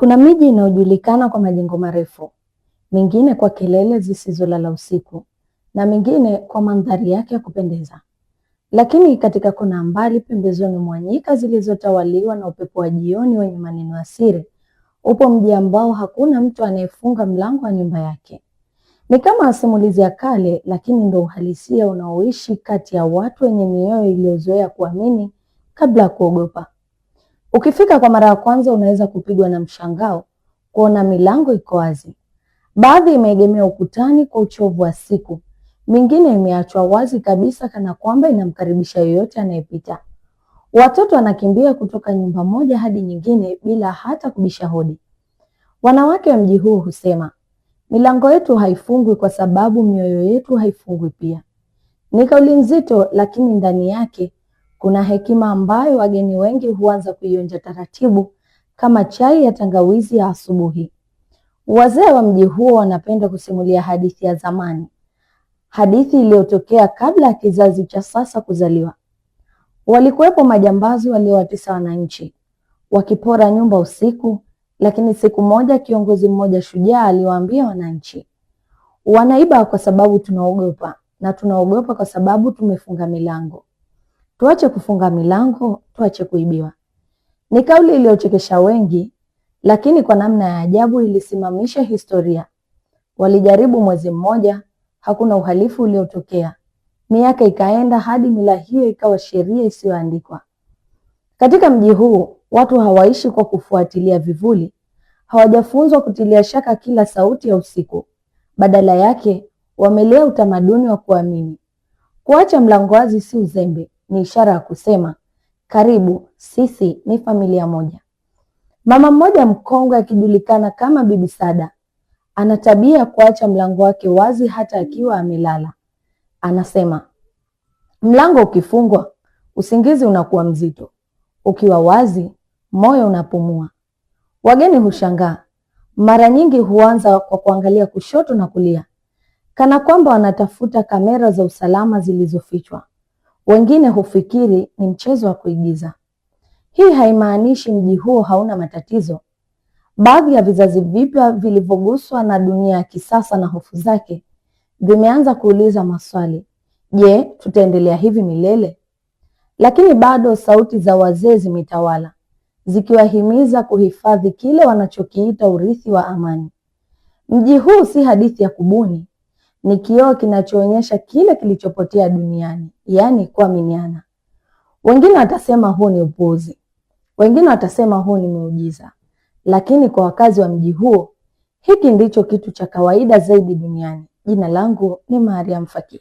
Kuna miji inayojulikana kwa majengo marefu, mingine kwa kelele zisizolala usiku na mingine kwa mandhari yake ya kupendeza. Lakini katika kona mbali pembezoni mwa nyika zilizotawaliwa na upepo wa jioni wenye maneno siri, upo mji ambao hakuna mtu anayefunga mlango wa nyumba yake. Ni kama simulizi ya kale, lakini ndo uhalisia unaoishi kati ya watu wenye mioyo iliyozoea kuamini kabla ya kuogopa. Ukifika kwa mara ya kwanza unaweza kupigwa na mshangao kuona milango iko wazi, baadhi imeegemea ukutani kwa uchovu wa siku, mingine imeachwa wazi kabisa, kana kwamba inamkaribisha yoyote anayepita. Watoto wanakimbia kutoka nyumba moja hadi nyingine bila hata kubisha hodi. Wanawake wa mji huu husema milango yetu haifungwi kwa sababu mioyo yetu haifungwi pia. Ni kauli nzito, lakini ndani yake kuna hekima ambayo wageni wengi huanza kuionja taratibu kama chai ya tangawizi ya asubuhi. Wazee wa mji huo wanapenda kusimulia hadithi ya zamani, hadithi iliyotokea kabla ya kizazi cha sasa kuzaliwa. Walikuwepo majambazi waliowatesa wananchi wakipora nyumba usiku, lakini siku moja kiongozi mmoja shujaa aliwaambia wananchi, wanaiba kwa sababu tunaogopa na tunaogopa kwa sababu tumefunga milango. Tuache kufunga milango, tuache kuibiwa. Ni kauli iliyochekesha wengi, lakini kwa namna ya ajabu ilisimamisha historia. Walijaribu mwezi mmoja, hakuna uhalifu uliotokea. Miaka ikaenda hadi mila hiyo ikawa sheria isiyoandikwa. Katika mji huu watu hawaishi kwa kufuatilia vivuli, hawajafunzwa kutilia shaka kila sauti ya usiku. Badala yake wamelea utamaduni wa kuamini. Kuacha mlango wazi si uzembe, ni ishara ya kusema karibu, sisi ni familia moja. Mama mmoja mkongwe akijulikana kama Bibi Sada ana tabia ya kuacha mlango wake wazi hata akiwa amelala. Anasema mlango ukifungwa usingizi unakuwa mzito, ukiwa wazi moyo unapumua. Wageni hushangaa, mara nyingi huanza kwa kuangalia kushoto na kulia, kana kwamba wanatafuta kamera za usalama zilizofichwa. Wengine hufikiri ni mchezo wa kuigiza. Hii haimaanishi mji huo hauna matatizo. Baadhi ya vizazi vipya vilivyoguswa na dunia ya kisasa na hofu zake vimeanza kuuliza maswali. Je, tutaendelea hivi milele? Lakini bado sauti za wazee zimetawala, zikiwahimiza kuhifadhi kile wanachokiita urithi wa amani. Mji huu si hadithi ya kubuni, ni kioo kinachoonyesha kile kilichopotea duniani, yaani kuaminiana. Wengine watasema huu ni upuuzi, wengine watasema huu ni muujiza, lakini kwa wakazi wa mji huo hiki ndicho kitu cha kawaida zaidi duniani. Jina langu ni Mariam Fakii.